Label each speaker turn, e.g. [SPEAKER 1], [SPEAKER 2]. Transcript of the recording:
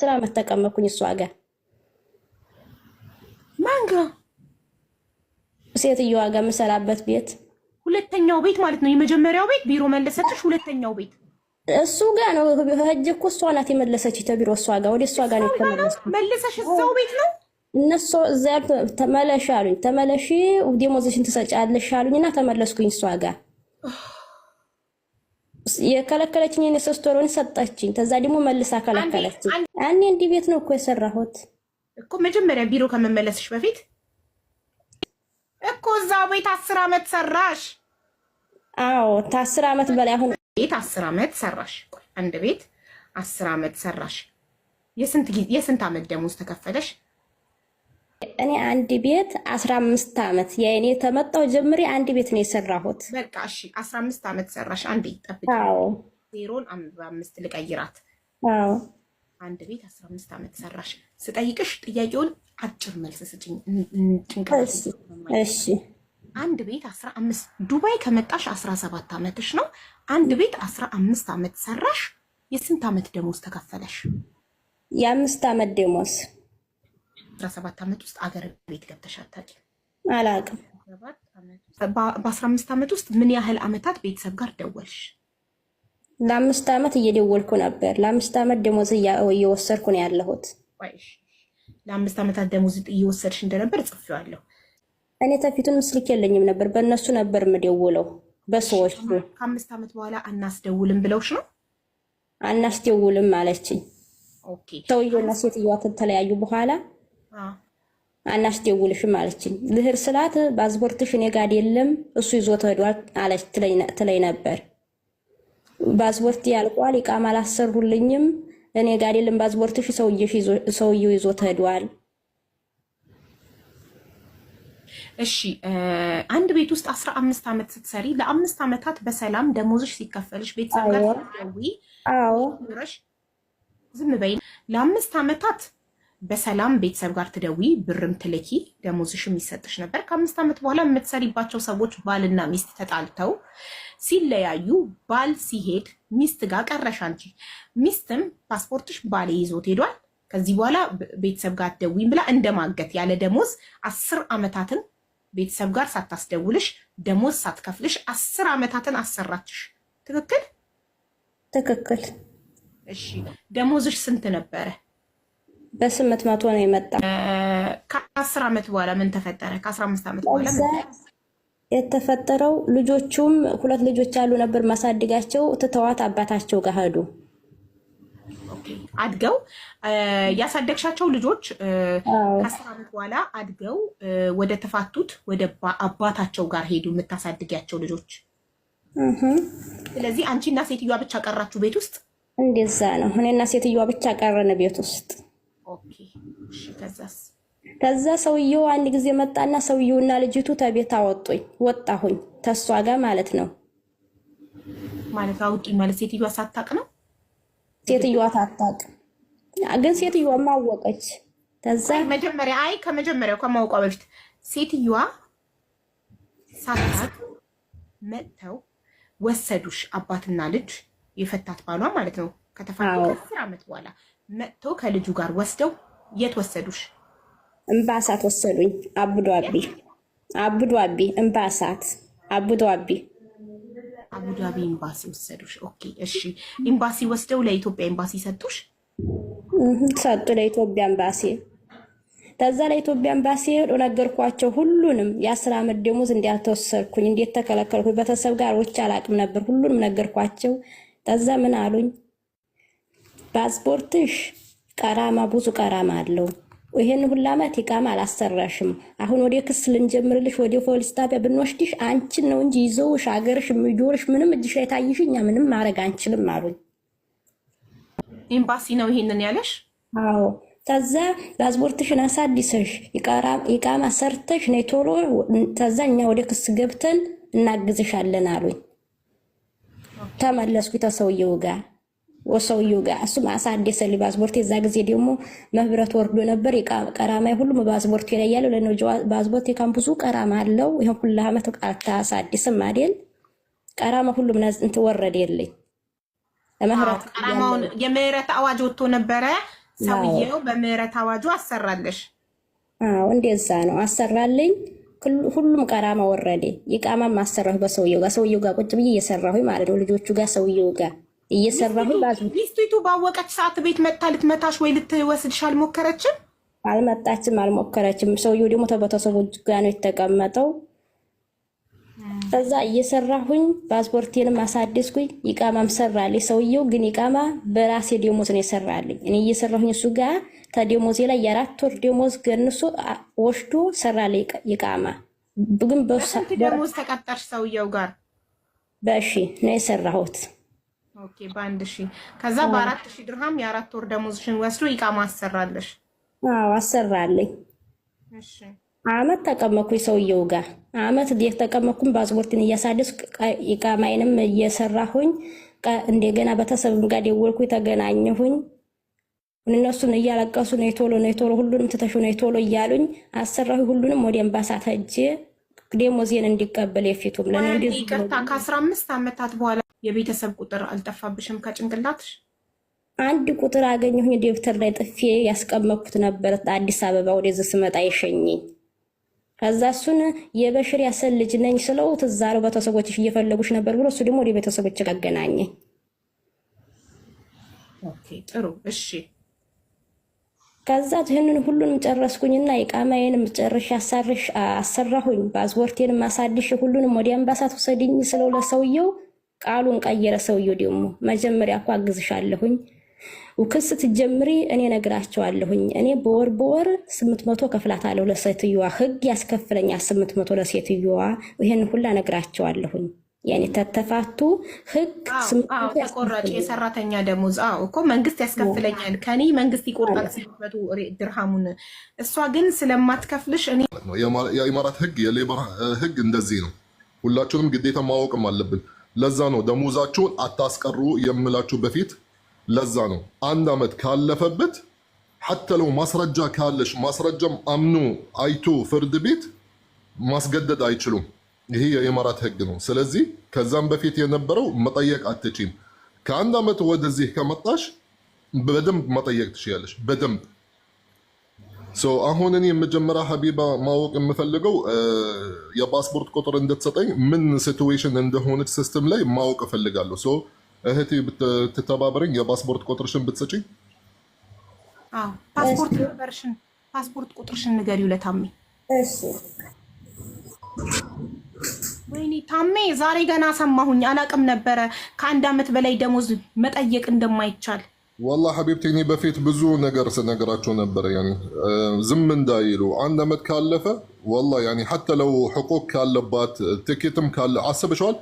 [SPEAKER 1] አስር ዓመት ተቀመጥኩኝ እሷ ጋር ማንጋ ጋር ዋጋ ጋር የምሰራበት ቤት
[SPEAKER 2] ሁለተኛው ቤት ማለት ነው። የመጀመሪያው ቤት ቢሮ መለሰችሽ፣ ሁለተኛው ቤት
[SPEAKER 1] እሱ ጋ ነው ህጅ እኮ እሷ ናት የመለሰች ተቢሮ እሷ ጋ ወደ እሷ ጋ
[SPEAKER 2] ነው የተመለሰ መለሰሽ። እዛው ቤት ነው
[SPEAKER 1] እነሱ እዛ ተመለሽ አሉኝ። ተመለሽ ደሞዝሽን ትሰጫለሽ አሉኝ እና ተመለስኩኝ እሷ ጋር የከለከለችኝ የኔ ሶስት ወር ሰጠችኝ። ከዛ ደግሞ መልሳ ከለከለችኝ። እኔ እንዲህ ቤት ነው እኮ የሰራሁት
[SPEAKER 2] እኮ መጀመሪያ ቢሮ ከመመለስሽ በፊት እኮ እዛ ቤት አስር አመት ሰራሽ።
[SPEAKER 1] አዎ ታስር አመት በላይ አሁን
[SPEAKER 2] ቤት አስር አመት ሰራሽ። አንድ ቤት አስር አመት ሰራሽ። የስንት ጊዜ የስንት አመት ደሞዝ ተከፈለሽ?
[SPEAKER 1] እኔ አንድ ቤት አስራ አምስት ዓመት የእኔ ተመጣው ጀምሬ አንድ ቤት ነው የሰራሁት።
[SPEAKER 2] በቃ እሺ፣ አስራ አምስት ዓመት ሰራሽ አንድ ቤት ጠብቂ። ዜሮን አምስት ልቀይራት። አንድ ቤት አስራ አምስት ዓመት ሰራሽ። ስጠይቅሽ ጥያቄውን አጭር መልስ ስጭኝ። እሺ አንድ ቤት አስራ አምስት ዱባይ ከመጣሽ አስራ ሰባት ዓመትሽ ነው። አንድ ቤት አስራ አምስት ዓመት ሰራሽ። የስንት ዓመት ደሞዝ ተከፈለሽ?
[SPEAKER 1] የአምስት ዓመት ደሞዝ
[SPEAKER 2] አስራ ሰባት ዓመት ውስጥ አገር ቤት ገብተሽ አታውቂም? አላውቅም። በአስራ አምስት ዓመት ውስጥ ምን ያህል ዓመታት ቤተሰብ ጋር ደወልሽ?
[SPEAKER 1] ለአምስት ዓመት እየደወልኩ ነበር። ለአምስት ዓመት ደሞዝ እየወሰድኩ ነው ያለሁት።
[SPEAKER 2] ለአምስት ዓመታት ደሞዝ እየወሰድሽ እንደነበር ጽፌዋለሁ።
[SPEAKER 1] እኔ ተፊቱን ምስልክ የለኝም ነበር፣ በእነሱ ነበር የምደውለው። በሰዎች
[SPEAKER 2] ከአምስት ዓመት በኋላ አናስደውልም ብለውሽ ነው?
[SPEAKER 1] አናስደውልም አለችኝ። ሰውየና ሴትዮዋ ከተለያዩ በኋላ አናስ ደውልሽም አለችኝ። ልህር ስላት ባዝቦርትሽ እኔ ጋር የለም እሱ ይዞት ሄዷል አለች ትለኝ ነበር። ባዝቦርት ያልቋል፣ ኢቃማ አላሰሩልኝም፣ እኔ ጋር የለም ባዝቦርትሽ፣ ሰውየው ይዞት ሄዷል።
[SPEAKER 2] እሺ አንድ ቤት ውስጥ አስራ አምስት ዓመት ስትሰሪ ለአምስት ዓመታት በሰላም ደሞዝሽ ሲከፈልሽ ቤተሰብ ጋር ስትደውይ ዝም በይ ለአምስት ዓመታት በሰላም ቤተሰብ ጋር ትደዊ ብርም ትልኪ ደሞዝሽም ይሰጥሽ ነበር። ከአምስት ዓመት በኋላ የምትሰሪባቸው ሰዎች ባልና ሚስት ተጣልተው ሲለያዩ ባል ሲሄድ ሚስት ጋር ቀረሽ አንቺ። ሚስትም ፓስፖርትሽ ባሌ ይዞት ሄዷል፣ ከዚህ በኋላ ቤተሰብ ጋር ትደዊም ብላ እንደማገት ያለ ደሞዝ አስር ዓመታትን ቤተሰብ ጋር ሳታስደውልሽ ደሞዝ ሳትከፍልሽ አስር ዓመታትን አሰራችሽ። ትክክል? ትክክል። እሺ ደሞዝሽ ስንት ነበረ?
[SPEAKER 1] በስምንት መቶ ነው የመጣ።
[SPEAKER 2] ከአስር ዓመት በኋላ ምን ተፈጠረ? ከአስራ አምስት ዓመት
[SPEAKER 1] በኋላ የተፈጠረው ልጆቹም ሁለት ልጆች ያሉ ነበር ማሳድጋቸው ትተዋት አባታቸው ጋር ሄዱ።
[SPEAKER 2] አድገው ያሳደግሻቸው ልጆች ከአስር ዓመት በኋላ አድገው ወደ ተፋቱት ወደ አባታቸው ጋር ሄዱ የምታሳድጊያቸው ልጆች። ስለዚህ አንቺ እና ሴትዮዋ ብቻ ቀራችሁ ቤት ውስጥ።
[SPEAKER 1] እንደዛ ነው። እኔና ሴትዮዋ ብቻ ቀረን ቤት ውስጥ።
[SPEAKER 2] ኦኬ እሺ። ከዛስ
[SPEAKER 1] ከዛ ሰውየው አንድ ጊዜ መጣና ሰውየውና ልጅቱ ተቤት አወጡኝ፣ ወጣሁኝ ተሷ ጋር ማለት ነው።
[SPEAKER 2] ማለት አውጡኝ ማለት ሴትዮዋ ሳታቅ ነው።
[SPEAKER 1] ሴትዮዋ ሳታቅ ግን ሴትዮዋ ማወቀች። ከዛ
[SPEAKER 2] መጀመሪያ አይ ከመጀመሪያው ከማወቋ በፊት ሴትዮዋ ሳታቅ መጥተው ወሰዱሽ፣ አባትና ልጅ የፈታት ባሏ ማለት ነው ከተፋ ከአስር ዓመት በኋላ መጥቶ ከልጁ ጋር ወስደው የት ወሰዱሽ?
[SPEAKER 1] እምባሳት ወሰዱኝ። አቡዳቢ አቢ እምባሳት አቡዳቢ
[SPEAKER 2] አቢ ኤምባሲ ወሰዱሽ። ኦኬ እሺ፣ ኤምባሲ ወስደው ለኢትዮጵያ ኤምባሲ ሰጡሽ?
[SPEAKER 1] ሰጡ ለኢትዮጵያ ኤምባሲ። ከዛ ለኢትዮጵያ ኤምባሲ ሄዶ ነገርኳቸው ሁሉንም። የአስራ አመት ደሞዝ እንዳልተወሰድኩኝ እንዴት ተከለከልኩኝ፣ ቤተሰብ ጋር ውጭ አላቅም ነበር። ሁሉንም ነገርኳቸው። ከዛ ምን አሉኝ? ፓስፖርትሽ ቀራማ ብዙ ቀራማ አለው። ይሄን ሁላ ዓመት ኢቃማ አላሰራሽም። አሁን ወደ ክስ ልንጀምርልሽ ወደ ፖሊስ ጣቢያ ብንወስድሽ አንቺን ነው እንጂ ይዘውሽ አገርሽ የሚጆርሽ ምንም እጅሽ አይታይሽ፣ እኛ ምንም ማድረግ አንችልም አሉኝ።
[SPEAKER 2] ኤምባሲ ነው ይሄንን ያለሽ?
[SPEAKER 1] አዎ። ከዛ ፓስፖርትሽን አሳዲሰሽ ኢቃማ ሰርተሽ ነይ ቶሎ፣ ከዛ እኛ ወደ ክስ ገብተን እናግዝሻለን አሉኝ። ተመለስኩ ተሰውየው ጋር ሰውየው ጋር እሱም አሳደሰ ባዝቦርቴ የዛ ጊዜ ደግሞ መህብረት ወርዶ ነበር። ቀራማ ሁሉም ባዝቦርቴ ላይ ያለው ለነ ባዝቦርቴ ካምፕሱ ቀራማ አለው። ይሄን ሁላ አመት ቃታ አሳደስም አይደል ቀራማ ሁሉም ናዝ እንትን ወረደ የለኝ
[SPEAKER 2] ቀራማውን የምህረት አዋጅ ወጥቶ ነበረ። ሰውየው በምህረት አዋጁ አሰራለሽ።
[SPEAKER 1] አዎ እንደዛ ነው አሰራለኝ። ሁሉም ቀራማ ወረዴ ይቃማም አሰራሁ በሰውየው ጋር ሰውየው ጋር ቁጭ ብዬ እየሰራሁ ማለት ነው ልጆቹ ጋር ሰውየው ጋር እየሰራሁ
[SPEAKER 2] ሚስቲቱ ባወቀች ሰዓት ቤት መታ ልትመታሽ ወይ ልትወስድሽ አልሞከረችም?
[SPEAKER 1] አልመጣችም፣ አልሞከረችም። ሰውየው ደግሞ ከቤተሰቦች ጋር ነው የተቀመጠው። ከዛ እየሰራሁኝ ፓስፖርቴንም አሳደስኩኝ፣ ይቃማም ሰራልኝ። ሰውየው ግን ይቃማ በራሴ ደሞዝ ነው የሰራልኝ። እኔ እየሰራሁኝ እሱ ጋር ከደሞዜ ላይ የአራት ወር ደሞዝ ገንሶ ወስዶ ሰራልኝ ይቃማ። ግን
[SPEAKER 2] በደሞዝ ተቀጠርሽ ሰውየው ጋር
[SPEAKER 1] በሺ ነው የሰራሁት።
[SPEAKER 2] ኦኬ በአንድ ሺ ከዛ በአራት ሺ ድርሃም የአራት ወር ደሞዝሽን ወስዶ ይቃማ አሰራለሽ?
[SPEAKER 1] አዎ አሰራለኝ። አመት ተቀመኩ ሰውየው ጋር አመት ዴት የተቀመኩም ፓስፖርትን እያሳደስኩ ኢቃማይንም እየሰራሁኝ እንደገና በተሰብም ጋር ደወልኩ ተገናኘሁኝ። እነሱን እያለቀሱ ነው የቶሎ ነው የቶሎ ሁሉንም ትተሹ ነው የቶሎ እያሉኝ አሰራሁ። ሁሉንም ወደ ኤምባሳ ሄጄ ደሞዜን እንዲቀበል የፊቱም
[SPEAKER 2] ለእንዲ ይቅርታ ከአስራ አምስት አመታት በኋላ የቤተሰብ ቁጥር አልጠፋብሽም ከጭንቅላትሽ?
[SPEAKER 1] አንድ ቁጥር አገኘሁኝ ደብተር ላይ ጥፌ ያስቀመጥኩት ነበር። አዲስ አበባ ወደዚህ ስመጣ ይሸኘኝ። ከዛ እሱን የበሽር ያሰል ልጅ ነኝ ስለው ነው ቤተሰቦችሽ እየፈለጉች ነበር ብሎ እሱ ደግሞ ወደ ቤተሰቦች አገናኘኝ። ጥሩ እሺ። ከዛ ይህንን ሁሉንም ጨረስኩኝና የቃማዬንም ጨርሽ አሰራሁኝ፣ ፓስፖርቴንም አሳድሽ ሁሉንም ወደ አምባሳት ውሰድኝ ስለው ለሰውየው ቃሉን ቀየረ። ሰውየው ደግሞ መጀመሪያ እኮ አግዝሻለሁኝ ክስ ትጀምሪ እኔ ነግራቸዋለሁኝ። እኔ በወር በወር ስምንት መቶ ከፍላታለሁ ለሴትዮዋ፣ ህግ ያስከፍለኛል ስምንት መቶ ለሴትዮዋ። ይሄን ሁላ ነግራቸዋለሁኝ። ያኔ ተተፋቱ ህግ
[SPEAKER 2] ተቆራጭ የሰራተኛ ደሞዝ እኮ መንግስት ያስከፍለኛል ከኔ መንግስት ይቆርጣል ስምንት ድርሃሙን። እሷ ግን ስለማትከፍልሽ እኔ
[SPEAKER 3] የኢማራት ህግ የሌበር ህግ እንደዚህ ነው። ሁላችሁንም ግዴታ ማወቅም አለብን። ለዛ ነው ደሞዛችሁን አታስቀሩ የምላችሁ በፊት ለዛ ነው አንድ ዓመት ካለፈበት ሐተ ማስረጃ ካለሽ ማስረጃም አምኖ አይቶ ፍርድ ቤት ማስገደድ አይችሉም። ይሄ የኢማራት ህግ ነው። ስለዚህ ከዛም በፊት የነበረው መጠየቅ አትችም። ከአንድ ዓመት ወደዚህ ከመጣሽ በደንብ መጠየቅ ትችላለሽ በደንብ አሁን እኔ የመጀመሪያ ሀቢባ ማወቅ የምፈልገው የፓስፖርት ቁጥር እንድትሰጠኝ ምን ሲትዌሽን እንደሆነች ሲስተም ላይ ማወቅ እፈልጋለሁ። እህቴ ብትተባበረኝ የፓስፖርት ቁጥርሽን ብትሰጪኝ።
[SPEAKER 2] ፓስፖርት ነበርሽን ፓስፖርት ቁጥርሽን ንገሪው ለታሜ። ወይኔ ታሜ ዛሬ ገና ሰማሁኝ፣ አላቅም ነበረ ከአንድ አመት በላይ ደሞዝ መጠየቅ እንደማይቻል
[SPEAKER 3] ወላ ሐቢብቲ እኔ በፊት ብዙ ነገር ስነግራቸው ነበር። ዝም እንዳይሉ አንድ አመት ካለፈ ወላ ሐተ ለው ሕቁቅ ካለባት ትኬትም ካለ አስብሸዋል